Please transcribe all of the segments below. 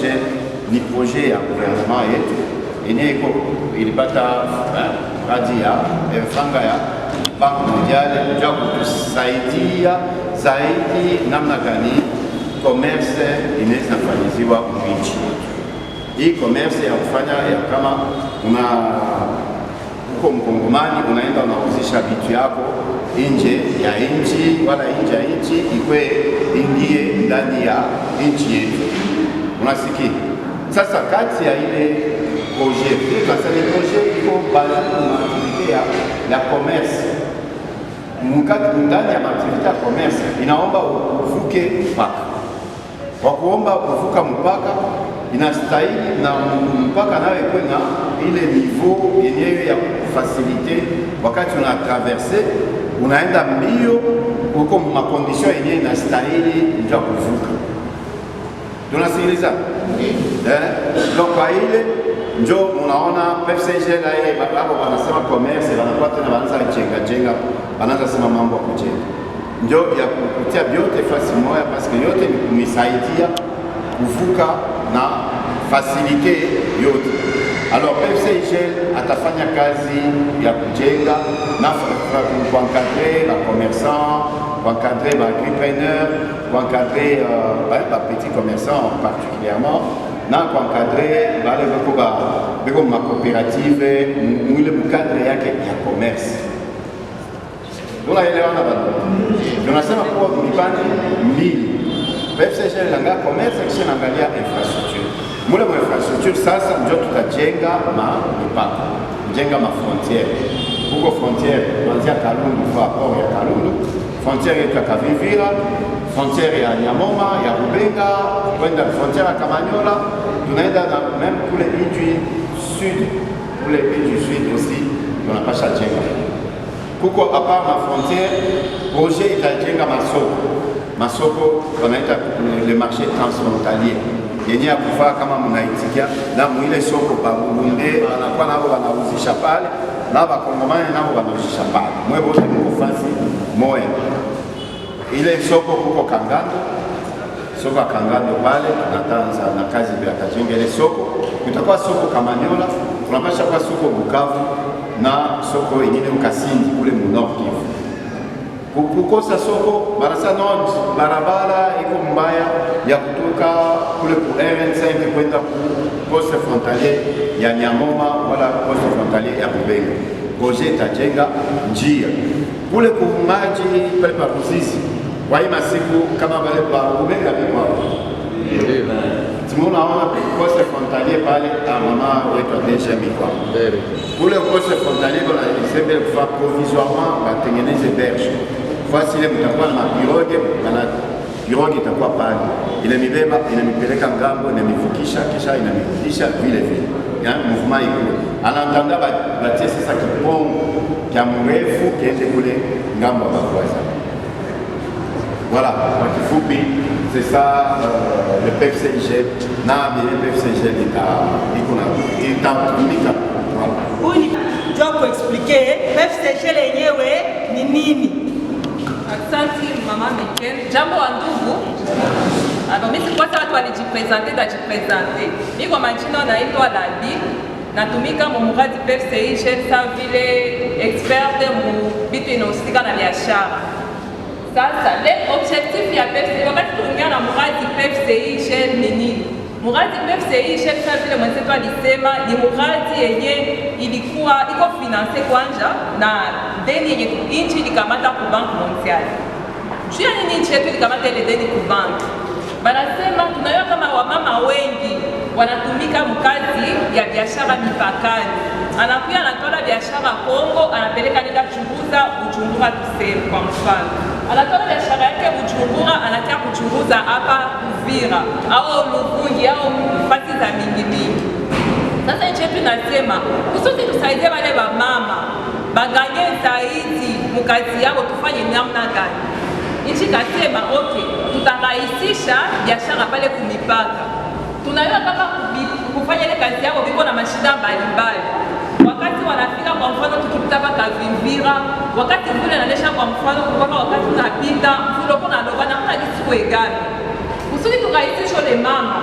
projet ni projet ya gouvernement yetu yenye iko ilipata radi ya eh, franga ya Mondiale ya kutusaidia zaidi namna gani commerce inaweza fanyiziwa mwinchi yetu. Hii commerce ya kufanya ya kama una uko Mkongomani unaenda unauzisha vitu yako inje ya nchi wala nje ya ikwe ingie ndani ya nchi yetu unasikia. Sasa kati ya ile projet ile projet iko baza maaktivite ya commerce ndani ya maaktivite ya commerce inaomba uvuke mpaka, kwa kuomba kuvuka mpaka inastahili na mpaka nawe kwe na ile niveau yenyewe ya facilite Wakati una traverse unaenda mbio huko, makondition yenyewe inastahili nja kuvuka tunasikiliza eh? Donc kwa ile njo munaona PFCG na yeye hapo wanasema commerce, wanakuwa tena wanaanza kujenga jenga, wanaanza sema mambo ya kujenga, njo ya kukutia vyote fasi moja, que yote ni kumisaidia kuvuka na fasilite yote. Alors PFCG atafanya kazi ya kujenga na kuankadre la commerçant pour encadrer entrepreneurs, pour encadrer euh, bah, petits commerçants particulièrement, pour encadrer les ma coopérative, nous le il y a commerce. Donc là, il y a mille. il y a commerce, infrastructure. Moi, infrastructure, ça, ça dit ma ma frontière. Pourquoi frontière? dit frontiere yetu ya Kavivira, frontiere ya Nyamoma ya Rubenga kwenda frontiere ya Kamanyola, tunaenda na meme kule Ituri sud, kule Ituri sud osi tunapasha jenga kuko hapa ma frontiere proje itajenga masoko masoko wanaita le marché transfrontalier yenye ya kufaa kama munaitikia na muile soko babulunde wanakuwa nao wanauzisha pale na bakongomani nao wanauzisha pale mwe bote mko Moya. Ile soko kuko Kangando, soko ya Kangando pale tunatanza na kazi vya tajenga ile soko, kutakuwa soko Kamanyola, tunapasha kuwa soko Bukavu na soko ingine Mkasindi kule Munokivu. Kukosa soko barasa Nord, barabara iko mbaya ya kutoka kule ku RN5 kwenda ku poste frontalier ya Nyamoma wala poste frontalier ya Kubenga. Goje itajenga njia kule kumaji pale pa Ruzizi kwa hii masiku kama pale pa Rubega kwa tumeona kose frontalier pale mama wetu adeja mikwa kule kose frontalier kwa isembe kufa provisoirement batengeneze berge kwa sile na mapiroge Yogi itakuwa pale, inamibeba inamipeleka ngambo, inanivukisha kisha inanirudisha vile vile, yaani mvuma ikule anatanda batie sasa kipongo kya mrefu kiende kule ngambo ya Bakwaza. Voilà, kwa kifupi c'est ça euh, le PFCIG na vile PFCIG iko na itatumika. Huyu ni job expliquer PFCIG lenyewe ni nini? Asante mama Mikel. Jambo wangu Alors mimi sikuwa watu wanijipresente tajipresente. Mimi kwa majina naitwa Landi, natumika mumuradi PFCI shesa vile experte mu bitu inausika na biashara. Sasa le objectif ya PFCI, wakati tunaongea na muradi PFCI shesa nini? Muradi PFCI shesa vile mwenzetu alisema ni muradi yenye ilikuwa iko finance kwanja na deni yenye inchi ilikamata ku Bank Mondiale. Juu ya nini inchi yetu ilikamata ile deni ku banki Wanasema tunayo kama wamama wengi wanatumika mkazi ya biashara mipakani, anakuya anatola biashara Kongo, anapeleka nenda kuchunguza Bujumbura, tuseme kwa mfano, anatola biashara yake Bujumbura, anatia kuchunguza hapa Uvira au Luvungi au fasi za mingi mingi. Sasa nchi yetu inasema kusudi tusaidie wale wamama baganye zaidi mkazi yao, tufanye namna gani? nchi kasema okay, tutarahisisha biashara pale kumipaka. Tunajua kama kufanya ile kazi yao viko na mashida mbalimbali, wakati wanafika, kwa mfano tukipita paka Vimvira, wakati mvula inaonyesha, kwa mfano kupaka, wakati tunapita unapita mvuloko nadogana kuna jisi kuegana kusudi tukarahisisha ule mama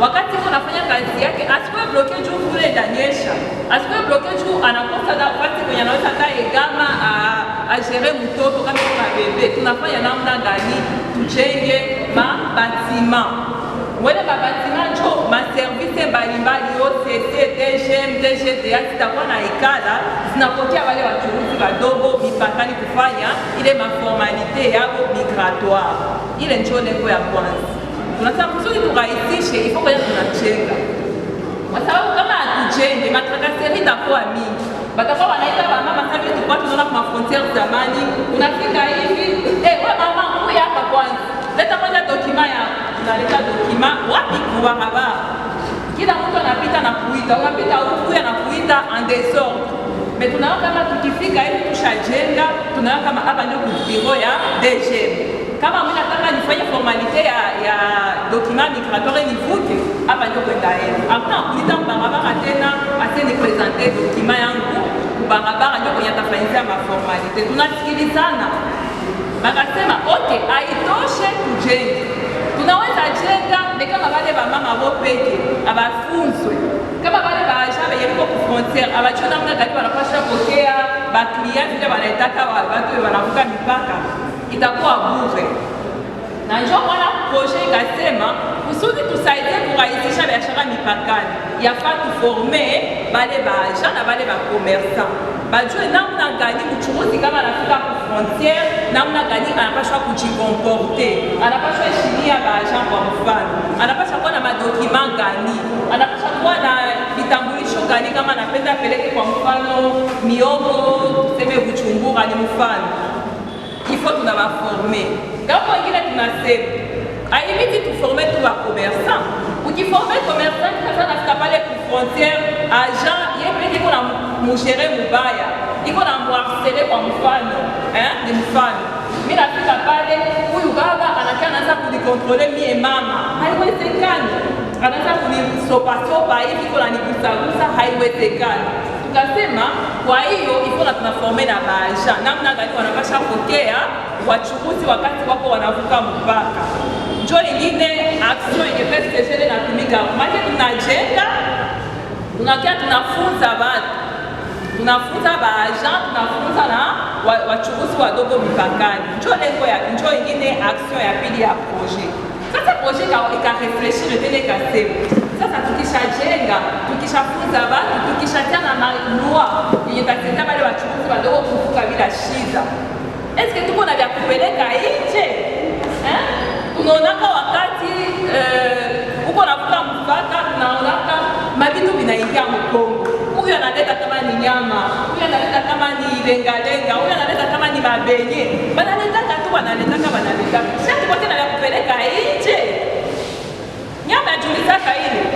wakati huo anafanya kazi yake, asikuwe bloke juu kule ndanyesha, asikuwe bloke juu anakosa wakati kwenye anaweza kae gama agere mtoto kama kuna bebe, tunafanya namna gani tujenge mabatima wele mabatima njo maservise mbalimbali yote TGM, DGDA zitakuwa na ikala zinapotea wale wachuruzi wadogo mipakani kufanya ile maformalite yao migratoire. Ile njo lengo ya kwanza. Tunataka kusudi turahisishe, ifo kwenye tunachenga, kwa sababu kama hatujenge matrakaseri itakuwa mingi Batakuwa wanaita wamama sasa tulikuwa tunaona kwa frontiere zamani. Unafika hivi, eh, wewe mama huyu hapa kwanza. Leta kwanza dokima ya unaleta dokima wapi kwa haba. Kila mtu anapita na kuita, unapita huku na kuita en désordre. Mais tunaona kama tukifika hivi tushajenga, tunaona kama hapa ndio biro ya DGM. Kama mimi nataka nifanye formalite ya ya document migratoire nivuke hapa ndio kwenda yenu. Hapana, kulita barabara tena ate ni presenter document yangu barabara ndio kwenye tafanyia maformalite. Tunasikilizana. Bakasema okay, haitoshe tujenge. Tunaweza jenga kama wale ba mama wao peke abafunzwe. Kama wale ba agent yeko ku frontiere abachona mna kati wanapasha pokea ba client ndio wanaitaka watu wanavuka mipaka. itakuwa bure. Na njoo mwana projet ikasema kusudi tusaidie kurahisisha biashara mipakani, yafaa tuforme bale baagent na bale bakomersan bajue namna gani mchuruzi kama anafika ku frontiere, namna gani anapashwa kujikomporte, anapashwa heshimia baagent. Kwa mfano, anapashwa kuwa na madokima gani, anapashwa kuwa na vitambulisho gani, kama anapenda peleke kwa mfano miogo, tuseme Bujumbura ni mfano tulikuwa tunawaforme. Ngapo wengine tunasema aibidi tuforme tu wa commerçant. Ukiforme commerçant sasa nafika pale ku frontiere agent yeye iko na mshere mubaya. Iko na mwarsele kwa mfano, eh? Ni mfano. Mimi nafika pale huyu baba anakaa anaanza kunikontrole mie mama. Haiwezekani. Anaanza kunisopa hivi kuna nigusa gusa haiwezekani tukasema kwa hiyo na tunaforme na baja namna gani wanapasha pokea wachukuzi wakati wako wanavuka mpaka, njo ingine action ingepesejele natumika make, tunajenga tunakia, tunafunza batu tunafunza baja, tunafunza na wachukuzi wadogo mipakani, njo lengo ya njo ingine aksio ya pili ya proje Sasa proje ikarefleshir tene kasema sasa tukishajenga, tukishafunza watu tukishatia na manua yenye tatia wale wachukuzi wadogo kuvuka bila shida. Eske tuko na vya kupeleka nje eh? Tunaonaka wakati eh, uko navuka mpaka, tunaonaka mavitu vinaingia Mkongo, huyu analeta kama ni nyama, huyu analeta kama ni lengalenga, huyu analeta kama ni mabenye, banaletaka tu, wanaletaka wanaletaka, sasa tuko tena vya kupeleka nje nyama ya yajulikaka ile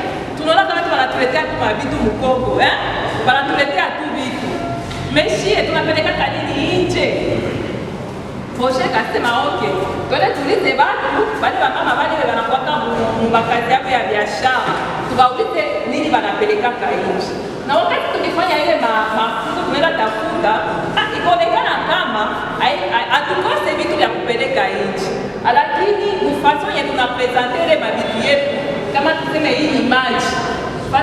tunaona watu wanatuletea tu mavitu mkongo eh? wanatuletea tu vitu meshie, tunapeleka kadini nje. Poshe kasema okay, twende tuulize watu bali wamama bali wanakuwaka mubakazi yao ya biashara, tukaulize nini wanapeleka nje. Na wakati tukifanya ile mafunzo tunaenda tafuta, akionekana ah, kama hatukose vitu vya kupeleka nje, lakini ufaso yenye mabitu yetu kama tuseme hii maji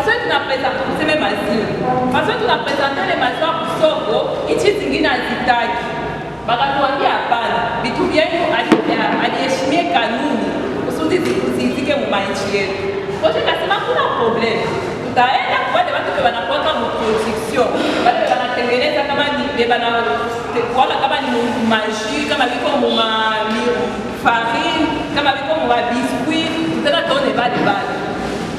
Mazuri tunapresente tuseme mazuri. Mazuri tunapresente ile mazuri kusoko, nchi zingine hazitaki. Bakatuambia hapana, vitu vyetu aliheshimie kanuni kusudi zisizike mu yetu. Kwa hiyo kasema kuna problem. Tutaenda kwa wale watu wanakuwa mu wale wanatengeneza kama ni wala kama ni maji, kama viko mu kama viko mu biscuit, tone bali bali.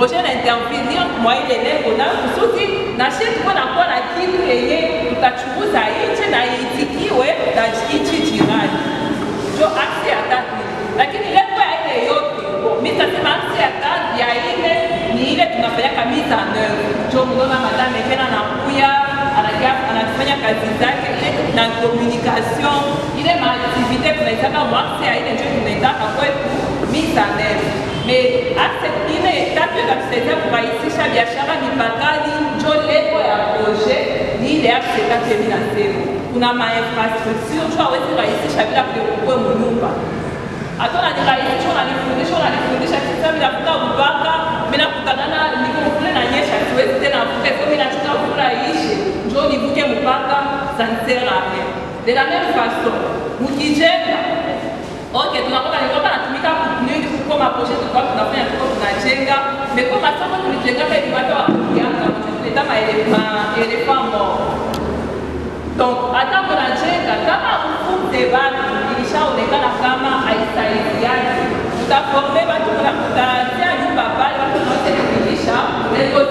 prochaine intervenir mwa ile lengo na kusudi na shi tuko na kuwa na kitu yenye tutachunguza nje na iitikiwe na nchi jirani, njo aksi ya tatu. Lakini lengo ya ile yote mimi nasema aksi ya tatu ya ile ni ile tunafanyaka mise en oeuvre, njo mnona madame Kena anakuya anafanya kazi zake ile na communication ile maaktivite tunaitaka mwa aksi ya ile njo tunaitaka kwetu mise en oeuvre Me asset ile etape inatusaidia kurahisisha biashara mipakali, njo leko ya proje ni ile asset etape minasema kuna mainfrastructure tu awezi rahisisha bila kuekukwe munyumba hata nalirahisisha nalifundisha nalifundisha kisa minavuka mpaka minakutanana nikomvule na nyesha siwezi tena vuke ko minachuka vula ishe njo nivuke mpaka sanserame de la même façon mukijenga ok tunakoka nikaba maproje tulikuwa tunafanya tuko tunajenga, mekuwa masomo tulijengaga hivi watu wakuianga tuleta maelfa moo donc hata kunajenga kama ufunde watu ilishaonekana kama haisaidiani, utaforme watu kunakutanzia nyumba pale watu naoterekebisha